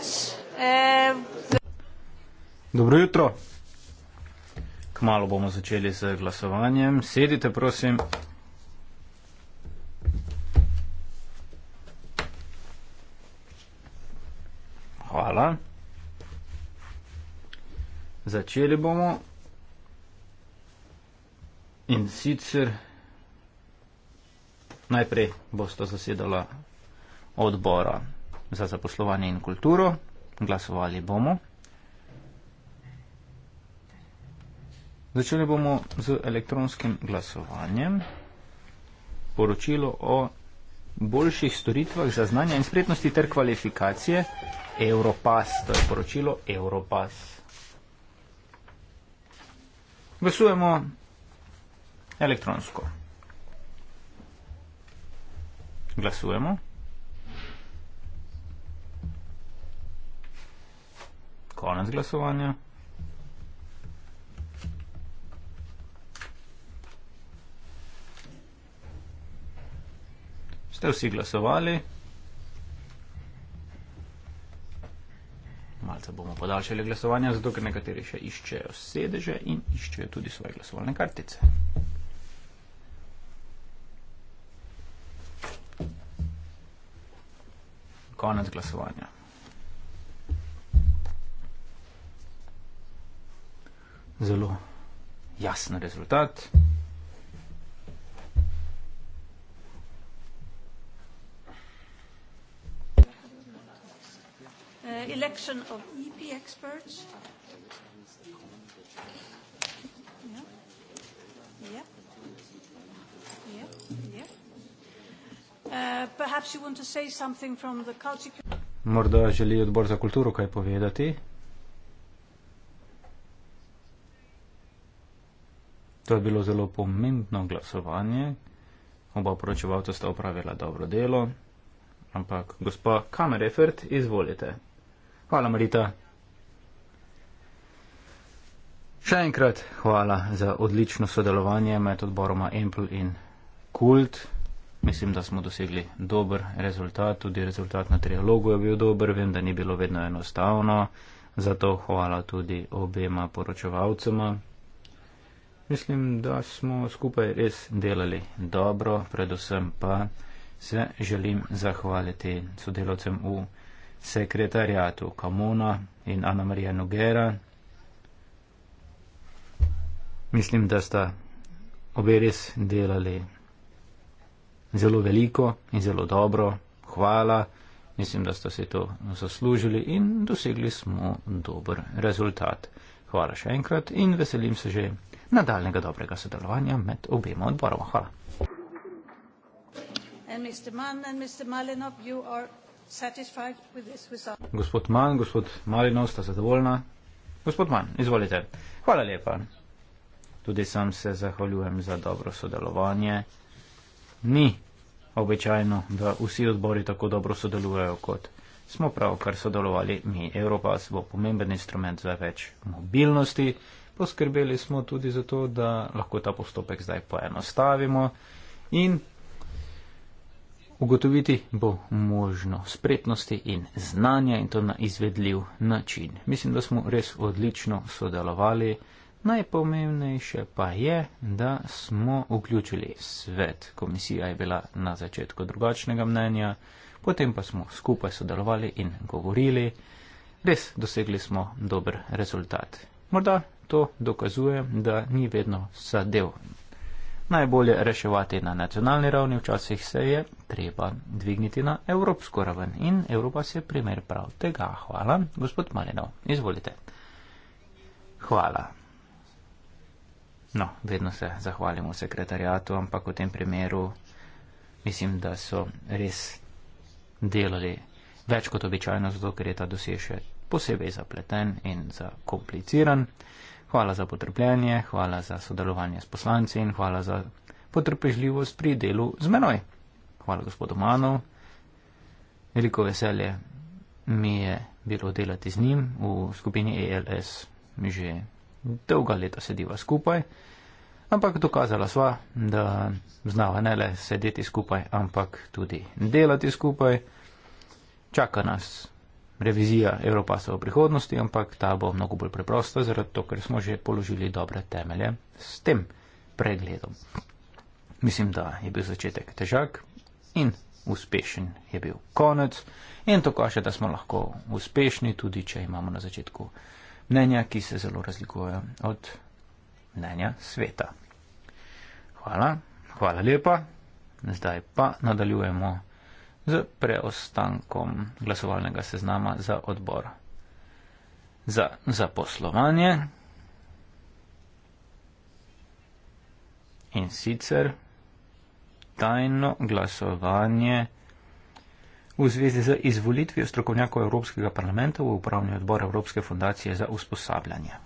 Franč. Eh, Dobro jutro. Kmalo bomo začeli z glasovanjem. Sedite, prosim. Hvala. Začeli bomo in sicer najprej bosta zasedala odbora za zaposlovanje in kulturo. Glasovali bomo. Začeli bomo z elektronskim glasovanjem. Poročilo o boljših storitvah za znanja in spretnosti ter kvalifikacije Europass. To je poročilo Europass. Glasujemo elektronsko. Glasujemo. konec glasovanja. Ste vsi glasovali? Malce bomo podaljšali glasovanje, zato ker nekateri še iščejo sedeže in iščejo tudi svoje glasovalne kartice. Konec glasovanja. zelo jasen rezultat. Uh, election of EP experts. Uh, Morda želi odbor za kulturo kaj povedati? To je bilo zelo pomembno glasovanje. Oba poročevalca sta opravila dobro delo. Ampak, gospa Kamerefert, izvolite. Hvala, Marita. Še enkrat hvala za odlično sodelovanje med odboroma Ample in Kult. Mislim, da smo dosegli dober rezultat, tudi rezultat na trialogu je bil dober, vem, da ni bilo vedno enostavno, zato hvala tudi obema poročevalcema. Mislim, da smo skupaj res delali dobro, predvsem pa se želim zahvaliti sodelovcem v sekretarijatu Kamona in Ana Marija Nogera. Mislim, da sta obe res delali zelo veliko in zelo dobro. Hvala. Mislim, da ste si to zaslužili in dosegli smo dober rezultat. Hvala še enkrat in veselim se že nadaljnega dobrega sodelovanja med obema odboroma. Hvala. Gospod Mann, gospod Malinov sta zadovoljna. Gospod Mann, izvolite. Hvala lepa. Tudi sam se zahvaljujem za dobro sodelovanje. Ni običajno, da vsi odbori tako dobro sodelujejo kot smo pravkar sodelovali mi. Evropa bo pomemben instrument za več mobilnosti. Poskrbeli smo tudi za to, da lahko ta postopek zdaj poenostavimo in ugotoviti bo možno spretnosti in znanja in to na izvedljiv način. Mislim, da smo res odlično sodelovali. Najpomembnejše pa je, da smo vključili svet. Komisija je bila na začetku drugačnega mnenja potem pa smo skupaj sodelovali in govorili, res dosegli smo dober rezultat. Morda to dokazuje, da ni vedno zadev. Najbolje reševati na nacionalni ravni, včasih se je treba dvigniti na evropsko raven in Evropa se je primer prav tega. Hvala, gospod Malinov, izvolite. Hvala. No, vedno se zahvalimo sekretarjatu, ampak v tem primeru mislim, da so res delali več kot običajno, zato ker je ta dosje še posebej zapleten in zakompliciran. Hvala za potrpljenje, hvala za sodelovanje s poslanci in hvala za potrpežljivost pri delu z menoj. Hvala gospodu Manov. Veliko veselje mi je bilo delati z njim v skupini ALS. E mi že dolga leta sediva skupaj ampak dokazala sva, da znava ne le sedeti skupaj, ampak tudi delati skupaj. Čaka nas revizija Evropasa v prihodnosti, ampak ta bo mnogo bolj preprosta, zaradi to, ker smo že položili dobre temelje s tem pregledom. Mislim, da je bil začetek težak in uspešen je bil konec in to kaže, da smo lahko uspešni, tudi če imamo na začetku mnenja, ki se zelo razlikujejo od mnenja sveta. Hvala, hvala lepa. Zdaj pa nadaljujemo z preostankom glasovalnega seznama za odbor za zaposlovanje. In sicer tajno glasovanje v zvezi z izvolitvijo strokovnjakov Evropskega parlamenta v upravni odbor Evropske fundacije za usposabljanje.